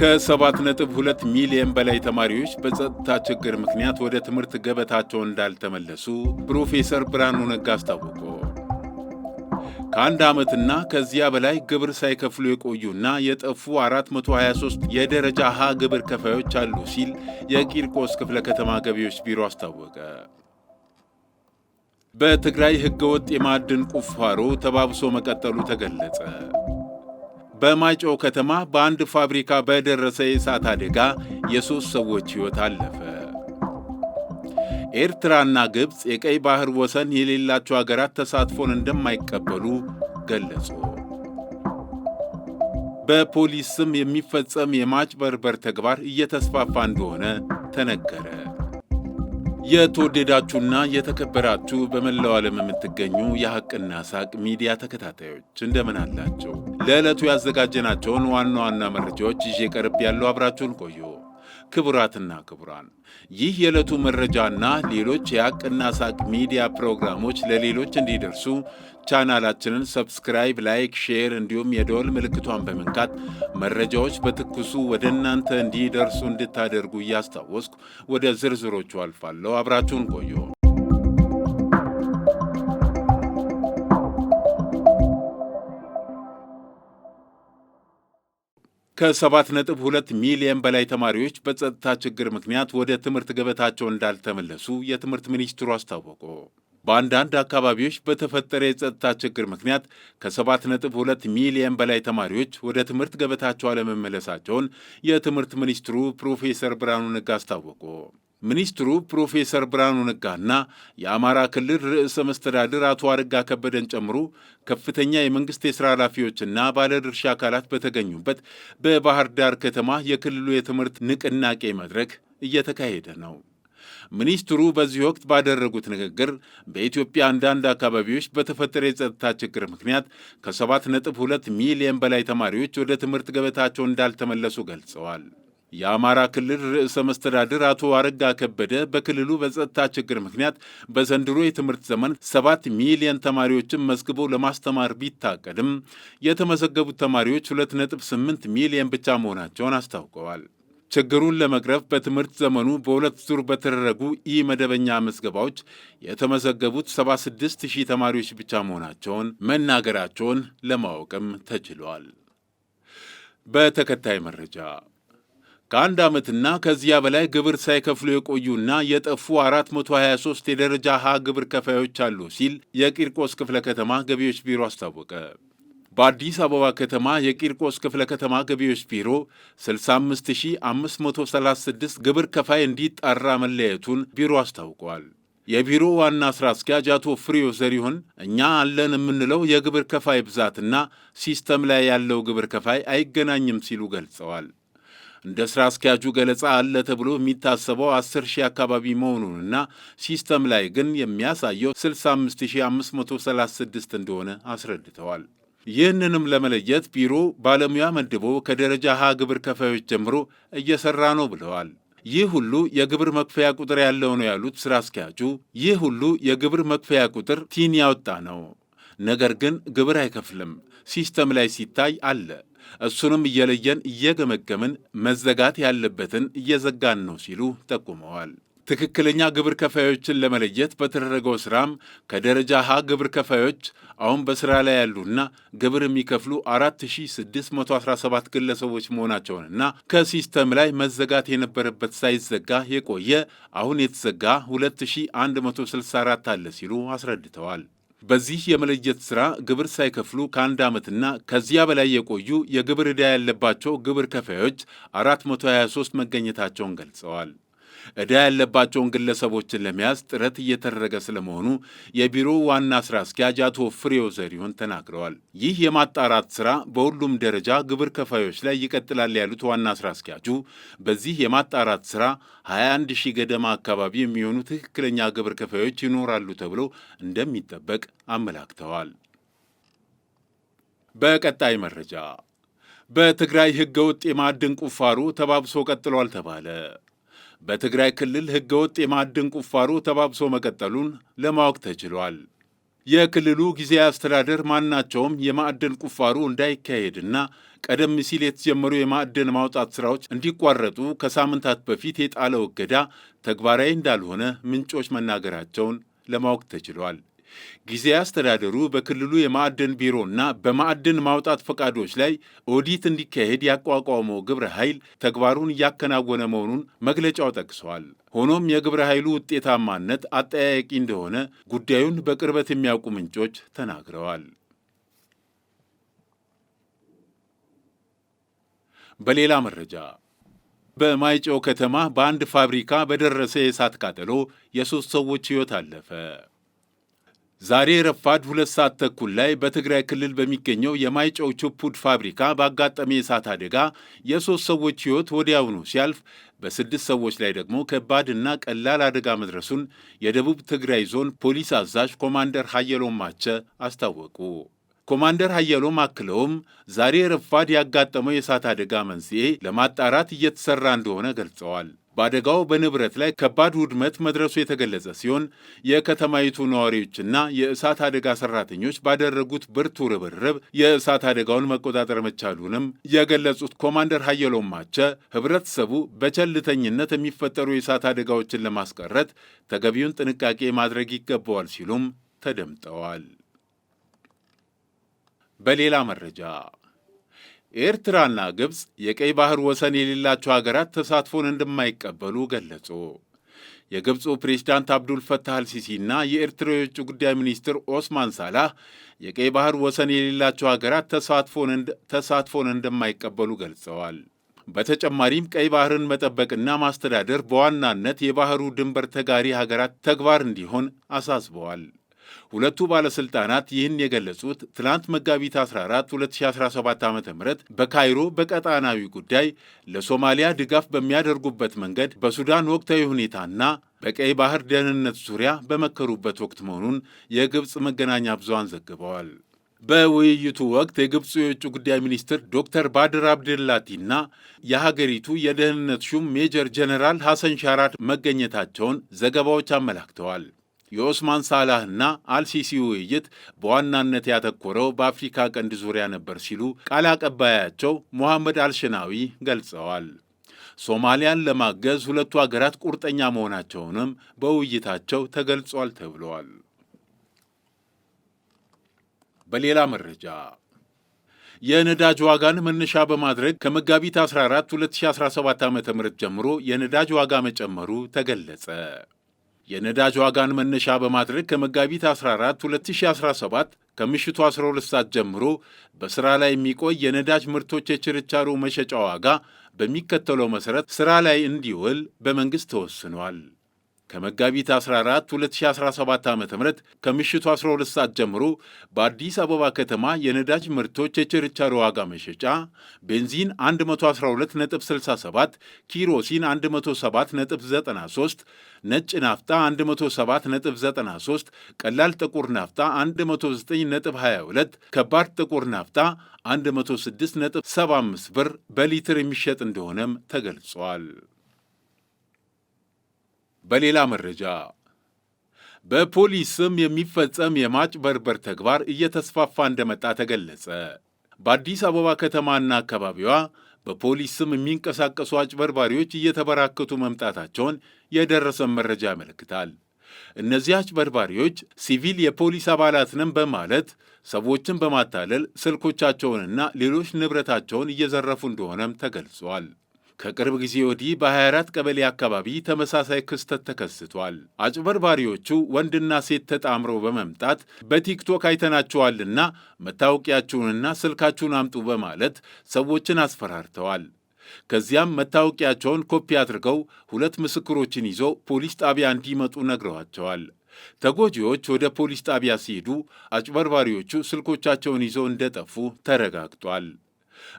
ከ7.2 ሚሊዮን በላይ ተማሪዎች በጸጥታ ችግር ምክንያት ወደ ትምህርት ገበታቸው እንዳልተመለሱ ፕሮፌሰር ብርሃኑ ነጋ አስታወቁ። ከአንድ ዓመትና ከዚያ በላይ ግብር ሳይከፍሉ የቆዩና የጠፉ 423 የደረጃ ሀ ግብር ከፋዮች አሉ ሲል የቂርቆስ ክፍለ ከተማ ገቢዎች ቢሮ አስታወቀ። በትግራይ ሕገወጥ የማዕድን ቁፋሮ ተባብሶ መቀጠሉ ተገለጸ። በማይጨው ከተማ በአንድ ፋብሪካ በደረሰ የእሳት አደጋ የሦስት ሰዎች ሕይወት አለፈ። ኤርትራና ግብፅ የቀይ ባህር ወሰን የሌላቸው አገራት ተሳትፎን እንደማይቀበሉ ገለጹ። በፖሊስ ስም የሚፈጸም የማጭበርበር ተግባር እየተስፋፋ እንደሆነ ተነገረ። የተወደዳችሁና የተከበራችሁ በመላው ዓለም የምትገኙ የሐቅና ሳቅ ሚዲያ ተከታታዮች እንደምን አላችሁ? ለዕለቱ ያዘጋጀናቸውን ዋና ዋና መረጃዎች ይዤ ቀርብ ያለው አብራችሁን ቆዩ። ክቡራትና ክቡራን ይህ የዕለቱ መረጃና ሌሎች የሐቅና ሳቅ ሚዲያ ፕሮግራሞች ለሌሎች እንዲደርሱ ቻናላችንን ሰብስክራይብ፣ ላይክ፣ ሼር እንዲሁም የደወል ምልክቷን በመንካት መረጃዎች በትኩሱ ወደ እናንተ እንዲደርሱ እንድታደርጉ እያስታወስኩ ወደ ዝርዝሮቹ አልፋለሁ። አብራችሁን ቆዩ። ከ7.2 ሚሊየን በላይ ተማሪዎች በጸጥታ ችግር ምክንያት ወደ ትምህርት ገበታቸው እንዳልተመለሱ የትምህርት ሚኒስትሩ አስታወቁ። በአንዳንድ አካባቢዎች በተፈጠረ የጸጥታ ችግር ምክንያት ከ7.2 ሚሊየን በላይ ተማሪዎች ወደ ትምህርት ገበታቸው አለመመለሳቸውን የትምህርት ሚኒስትሩ ፕሮፌሰር ብርሃኑ ነጋ አስታወቁ። ሚኒስትሩ ፕሮፌሰር ብርሃኑ ነጋና የአማራ ክልል ርዕሰ መስተዳድር አቶ አረጋ ከበደን ጨምሮ ከፍተኛ የመንግስት የሥራ ኃላፊዎችና ባለድርሻ አካላት በተገኙበት በባህር ዳር ከተማ የክልሉ የትምህርት ንቅናቄ መድረክ እየተካሄደ ነው። ሚኒስትሩ በዚህ ወቅት ባደረጉት ንግግር በኢትዮጵያ አንዳንድ አካባቢዎች በተፈጠረ የጸጥታ ችግር ምክንያት ከ7.2 ሚሊየን በላይ ተማሪዎች ወደ ትምህርት ገበታቸው እንዳልተመለሱ ገልጸዋል። የአማራ ክልል ርዕሰ መስተዳድር አቶ አረጋ ከበደ በክልሉ በጸጥታ ችግር ምክንያት በዘንድሮ የትምህርት ዘመን ሰባት ሚሊየን ተማሪዎችን መዝግበው ለማስተማር ቢታቀድም የተመዘገቡት ተማሪዎች 2.8 ሚሊየን ብቻ መሆናቸውን አስታውቀዋል። ችግሩን ለመቅረፍ በትምህርት ዘመኑ በሁለት ዙር በተደረጉ ኢ መደበኛ ምዝገባዎች የተመዘገቡት 76 ሺህ ተማሪዎች ብቻ መሆናቸውን መናገራቸውን ለማወቅም ተችሏል። በተከታይ መረጃ ከአንድ ዓመትና ከዚያ በላይ ግብር ሳይከፍሉ የቆዩና የጠፉ 423 የደረጃ ሀ ግብር ከፋዮች አሉ ሲል የቂርቆስ ክፍለ ከተማ ገቢዎች ቢሮ አስታወቀ። በአዲስ አበባ ከተማ የቂርቆስ ክፍለ ከተማ ገቢዎች ቢሮ 65536 ግብር ከፋይ እንዲጣራ መለየቱን ቢሮ አስታውቋል። የቢሮ ዋና ሥራ አስኪያጅ አቶ ፍሬው ዘሪሁን እኛ አለን የምንለው የግብር ከፋይ ብዛትና ሲስተም ላይ ያለው ግብር ከፋይ አይገናኝም ሲሉ ገልጸዋል። እንደ ሥራ አስኪያጁ ገለጻ አለ ተብሎ የሚታሰበው 10 ሺህ አካባቢ መሆኑንና ሲስተም ላይ ግን የሚያሳየው 65536 እንደሆነ አስረድተዋል። ይህንንም ለመለየት ቢሮ ባለሙያ መድቦ ከደረጃ ሀ ግብር ከፋዮች ጀምሮ እየሰራ ነው ብለዋል። ይህ ሁሉ የግብር መክፈያ ቁጥር ያለው ነው ያሉት ስራ አስኪያጁ፣ ይህ ሁሉ የግብር መክፈያ ቁጥር ቲን ያወጣ ነው። ነገር ግን ግብር አይከፍልም። ሲስተም ላይ ሲታይ አለ። እሱንም እየለየን እየገመገምን መዘጋት ያለበትን እየዘጋን ነው ሲሉ ጠቁመዋል። ትክክለኛ ግብር ከፋዮችን ለመለየት በተደረገው ስራም ከደረጃ ሀ ግብር ከፋዮች አሁን በስራ ላይ ያሉና ግብር የሚከፍሉ 4617 ግለሰቦች መሆናቸውንና ከሲስተም ላይ መዘጋት የነበረበት ሳይዘጋ የቆየ አሁን የተዘጋ 2164 አለ ሲሉ አስረድተዋል። በዚህ የመለየት ሥራ ግብር ሳይከፍሉ ከአንድ ዓመትና ከዚያ በላይ የቆዩ የግብር ዕዳ ያለባቸው ግብር ከፋዮች 423 መገኘታቸውን ገልጸዋል። ዕዳ ያለባቸውን ግለሰቦችን ለመያዝ ጥረት እየተደረገ ስለመሆኑ የቢሮው ዋና ስራ አስኪያጅ አቶ ፍሬው ዘሪሁን ተናግረዋል። ይህ የማጣራት ስራ በሁሉም ደረጃ ግብር ከፋዮች ላይ ይቀጥላል ያሉት ዋና ስራ አስኪያጁ በዚህ የማጣራት ስራ 21 ሺህ ገደማ አካባቢ የሚሆኑ ትክክለኛ ግብር ከፋዮች ይኖራሉ ተብሎ እንደሚጠበቅ አመላክተዋል። በቀጣይ መረጃ በትግራይ ህገ ወጥ የማዕድን ቁፋሮ ተባብሶ ቀጥሏል ተባለ። በትግራይ ክልል ህገወጥ የማዕድን ቁፋሮ ተባብሶ መቀጠሉን ለማወቅ ተችሏል። የክልሉ ጊዜያዊ አስተዳደር ማናቸውም የማዕድን ቁፋሮ እንዳይካሄድና ቀደም ሲል የተጀመሩ የማዕድን ማውጣት ስራዎች እንዲቋረጡ ከሳምንታት በፊት የጣለው እገዳ ተግባራዊ እንዳልሆነ ምንጮች መናገራቸውን ለማወቅ ተችሏል። ጊዜያዊ አስተዳደሩ በክልሉ የማዕድን ቢሮና በማዕድን ማውጣት ፈቃዶች ላይ ኦዲት እንዲካሄድ ያቋቋመው ግብረ ኃይል ተግባሩን እያከናወነ መሆኑን መግለጫው ጠቅሰዋል። ሆኖም የግብረ ኃይሉ ውጤታማነት አጠያያቂ እንደሆነ ጉዳዩን በቅርበት የሚያውቁ ምንጮች ተናግረዋል። በሌላ መረጃ በማይጨው ከተማ በአንድ ፋብሪካ በደረሰ የእሳት ቃጠሎ የሦስት ሰዎች ሕይወት አለፈ። ዛሬ ረፋድ ሁለት ሰዓት ተኩል ላይ በትግራይ ክልል በሚገኘው የማይጨው ቹፑድ ፋብሪካ ባጋጠመ የእሳት አደጋ የሦስት ሰዎች ሕይወት ወዲያውኑ ሲያልፍ በስድስት ሰዎች ላይ ደግሞ ከባድና ቀላል አደጋ መድረሱን የደቡብ ትግራይ ዞን ፖሊስ አዛዥ ኮማንደር ሀየሎም ማቸ አስታወቁ። ኮማንደር ሀየሎም አክለውም ዛሬ ረፋድ ያጋጠመው የእሳት አደጋ መንስኤ ለማጣራት እየተሠራ እንደሆነ ገልጸዋል። በአደጋው በንብረት ላይ ከባድ ውድመት መድረሱ የተገለጸ ሲሆን የከተማይቱ ነዋሪዎችና የእሳት አደጋ ሰራተኞች ባደረጉት ብርቱ ርብርብ የእሳት አደጋውን መቆጣጠር መቻሉንም የገለጹት ኮማንደር ሀየሎም ማቸ ህብረተሰቡ በቸልተኝነት የሚፈጠሩ የእሳት አደጋዎችን ለማስቀረት ተገቢውን ጥንቃቄ ማድረግ ይገባዋል ሲሉም ተደምጠዋል። በሌላ መረጃ ኤርትራና ግብፅ የቀይ ባህር ወሰን የሌላቸው ሀገራት ተሳትፎን እንደማይቀበሉ ገለጹ። የግብፁ ፕሬዚዳንት አብዱል ፈታህ አልሲሲና የኤርትራ የውጭ ጉዳይ ሚኒስትር ኦስማን ሳላህ የቀይ ባህር ወሰን የሌላቸው ሀገራት ተሳትፎን እንደማይቀበሉ ገልጸዋል። በተጨማሪም ቀይ ባህርን መጠበቅና ማስተዳደር በዋናነት የባህሩ ድንበር ተጋሪ ሀገራት ተግባር እንዲሆን አሳስበዋል። ሁለቱ ባለስልጣናት ይህን የገለጹት ትናንት መጋቢት 14 2017 ዓ ም በካይሮ በቀጣናዊ ጉዳይ ለሶማሊያ ድጋፍ በሚያደርጉበት መንገድ በሱዳን ወቅታዊ ሁኔታና በቀይ ባህር ደህንነት ዙሪያ በመከሩበት ወቅት መሆኑን የግብፅ መገናኛ ብዙሃን ዘግበዋል። በውይይቱ ወቅት የግብፁ የውጭ ጉዳይ ሚኒስትር ዶክተር ባድር አብድላቲና የሀገሪቱ የደህንነት ሹም ሜጀር ጀነራል ሐሰን ሻራት መገኘታቸውን ዘገባዎች አመላክተዋል። የኦስማን ሳላህና አልሲሲ ውይይት በዋናነት ያተኮረው በአፍሪካ ቀንድ ዙሪያ ነበር ሲሉ ቃል አቀባያቸው ሞሐመድ አልሸናዊ ገልጸዋል። ሶማሊያን ለማገዝ ሁለቱ አገራት ቁርጠኛ መሆናቸውንም በውይይታቸው ተገልጿል ተብለዋል። በሌላ መረጃ የነዳጅ ዋጋን መነሻ በማድረግ ከመጋቢት 14 2017 ዓ ም ጀምሮ የነዳጅ ዋጋ መጨመሩ ተገለጸ። የነዳጅ ዋጋን መነሻ በማድረግ ከመጋቢት 14 2017 ከምሽቱ 12 ሰዓት ጀምሮ በሥራ ላይ የሚቆይ የነዳጅ ምርቶች የችርቻሩ መሸጫ ዋጋ በሚከተለው መሠረት ሥራ ላይ እንዲውል በመንግሥት ተወስኗል። ከመጋቢት 14 2017 ዓ ም ከምሽቱ 12 ሰዓት ጀምሮ በአዲስ አበባ ከተማ የነዳጅ ምርቶች የችርቻሮ ዋጋ መሸጫ ቤንዚን 112.67፣ ኪሮሲን 107.93፣ ነጭ ናፍጣ 107.93፣ ቀላል ጥቁር ናፍጣ 109.22፣ ከባድ ጥቁር ናፍጣ 106.75 ብር በሊትር የሚሸጥ እንደሆነም ተገልጿል። በሌላ መረጃ በፖሊስ ስም የሚፈጸም የማጭበርበር ተግባር እየተስፋፋ እንደመጣ ተገለጸ። በአዲስ አበባ ከተማና አካባቢዋ በፖሊስ ስም የሚንቀሳቀሱ አጭበርባሪዎች እየተበራከቱ መምጣታቸውን የደረሰን መረጃ ያመለክታል። እነዚህ አጭበርባሪዎች ሲቪል የፖሊስ አባላት ነን በማለት ሰዎችን በማታለል ስልኮቻቸውንና ሌሎች ንብረታቸውን እየዘረፉ እንደሆነም ተገልጿል። ከቅርብ ጊዜ ወዲህ በ24 ቀበሌ አካባቢ ተመሳሳይ ክስተት ተከስቷል። አጭበርባሪዎቹ ወንድና ሴት ተጣምረው በመምጣት በቲክቶክ አይተናችኋልና መታወቂያችሁንና ስልካችሁን አምጡ በማለት ሰዎችን አስፈራርተዋል። ከዚያም መታወቂያቸውን ኮፒ አድርገው ሁለት ምስክሮችን ይዞ ፖሊስ ጣቢያ እንዲመጡ ነግረዋቸዋል። ተጎጂዎች ወደ ፖሊስ ጣቢያ ሲሄዱ አጭበርባሪዎቹ ስልኮቻቸውን ይዘው እንደጠፉ ተረጋግጧል።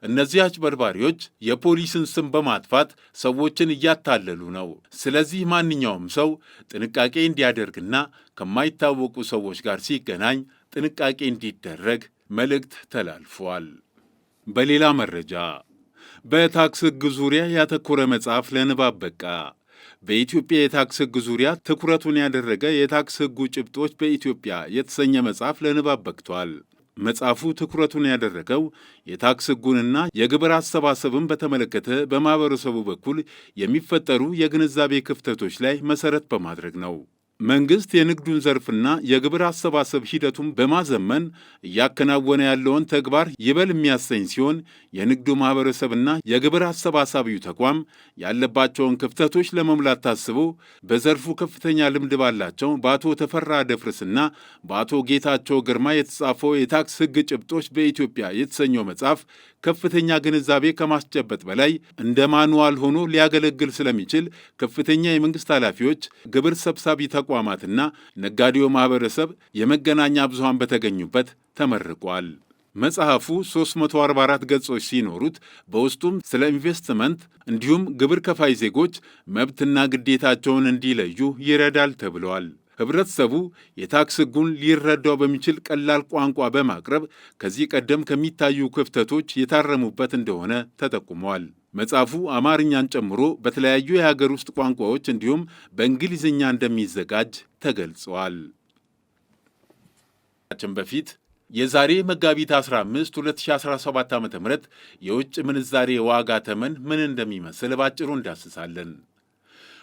እነዚህ አጭበርባሪዎች የፖሊስን ስም በማጥፋት ሰዎችን እያታለሉ ነው። ስለዚህ ማንኛውም ሰው ጥንቃቄ እንዲያደርግና ከማይታወቁ ሰዎች ጋር ሲገናኝ ጥንቃቄ እንዲደረግ መልእክት ተላልፏል። በሌላ መረጃ በታክስ ሕግ ዙሪያ ያተኮረ መጽሐፍ ለንባብ በቃ። በኢትዮጵያ የታክስ ሕግ ዙሪያ ትኩረቱን ያደረገ የታክስ ሕጉ ጭብጦች በኢትዮጵያ የተሰኘ መጽሐፍ ለንባብ በቅቷል። መጽሐፉ ትኩረቱን ያደረገው የታክስ ሕጉንና የግብር አሰባሰብን በተመለከተ በማህበረሰቡ በኩል የሚፈጠሩ የግንዛቤ ክፍተቶች ላይ መሰረት በማድረግ ነው። መንግስት የንግዱን ዘርፍና የግብር አሰባሰብ ሂደቱን በማዘመን እያከናወነ ያለውን ተግባር ይበል የሚያሰኝ ሲሆን የንግዱ ማህበረሰብና የግብር አሰባሳቢው ተቋም ያለባቸውን ክፍተቶች ለመሙላት ታስቦ በዘርፉ ከፍተኛ ልምድ ባላቸው በአቶ ተፈራ ደፍርስና በአቶ ጌታቸው ግርማ የተጻፈው የታክስ ህግ ጭብጦች በኢትዮጵያ የተሰኘው መጽሐፍ ከፍተኛ ግንዛቤ ከማስጨበጥ በላይ እንደ ማኑዋል ሆኖ ሊያገለግል ስለሚችል ከፍተኛ የመንግስት ኃላፊዎች ግብር ሰብሳቢ ተቋማትና ነጋዴው ማህበረሰብ የመገናኛ ብዙሃን በተገኙበት ተመርቋል። መጽሐፉ 344 ገጾች ሲኖሩት በውስጡም ስለ ኢንቨስትመንት እንዲሁም ግብር ከፋይ ዜጎች መብትና ግዴታቸውን እንዲለዩ ይረዳል ተብለዋል። ህብረተሰቡ የታክስ ሕጉን ሊረዳው በሚችል ቀላል ቋንቋ በማቅረብ ከዚህ ቀደም ከሚታዩ ክፍተቶች የታረሙበት እንደሆነ ተጠቁመዋል። መጽሐፉ አማርኛን ጨምሮ በተለያዩ የሀገር ውስጥ ቋንቋዎች እንዲሁም በእንግሊዝኛ እንደሚዘጋጅ ተገልጿል። ችን በፊት የዛሬ መጋቢት 15 2017 ዓ ም የውጭ ምንዛሬ ዋጋ ተመን ምን እንደሚመስል ባጭሩ እንዳስሳለን።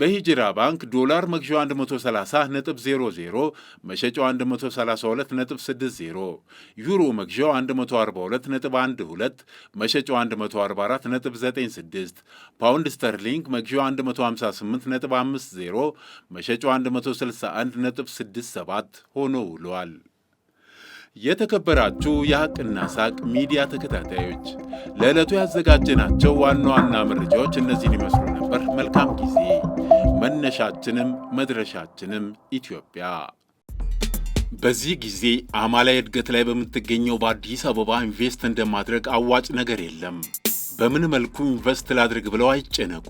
በሂጅራ ባንክ ዶላር መግዣው 130 ነጥብ 00 መሸጫው 132 ነጥብ 60 ዩሮ መግዣው 142 ነጥብ 12 መሸጫው 144 ነጥብ 96 ፓውንድ ስተርሊንግ መግዣው 158 ነጥብ 50 መሸጫው 161 ነጥብ 67 ሆኖ ውሏል። የተከበራችሁ የሐቅና ሳቅ ሚዲያ ተከታታዮች ለዕለቱ ያዘጋጀናቸው ዋና ዋና መረጃዎች እነዚህን ይመስሉ ነበር። መልካም ጊዜ። መነሻችንም መድረሻችንም ኢትዮጵያ። በዚህ ጊዜ አማላይ እድገት ላይ በምትገኘው በአዲስ አበባ ኢንቨስት እንደማድረግ አዋጭ ነገር የለም። በምን መልኩ ኢንቨስት ላድርግ ብለው አይጨነቁ።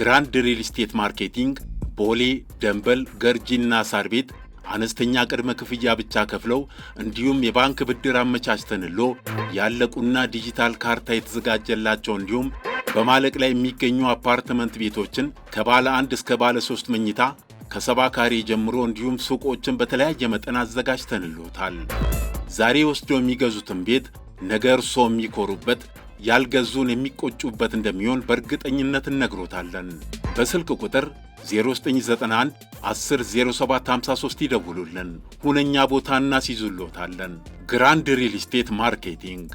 ግራንድ ሪል ስቴት ማርኬቲንግ ቦሌ፣ ደንበል፣ ገርጂና ሳር ቤት አነስተኛ ቅድመ ክፍያ ብቻ ከፍለው እንዲሁም የባንክ ብድር አመቻችተንሎ ያለቁና ዲጂታል ካርታ የተዘጋጀላቸው እንዲሁም በማለቅ ላይ የሚገኙ አፓርትመንት ቤቶችን ከባለ አንድ እስከ ባለ ሶስት መኝታ ከሰባ ካሬ ጀምሮ እንዲሁም ሱቆችን በተለያየ መጠን አዘጋጅተንልዎታል። ዛሬ ወስደው የሚገዙትን ቤት ነገ እርስዎ የሚኮሩበት ያልገዙን የሚቆጩበት እንደሚሆን በእርግጠኝነት እነግሮታለን። በስልክ ቁጥር 0991 10 0753 ይደውሉልን። ሁነኛ ቦታ እናስይዙልዎታለን። ግራንድ ሪል ስቴት ማርኬቲንግ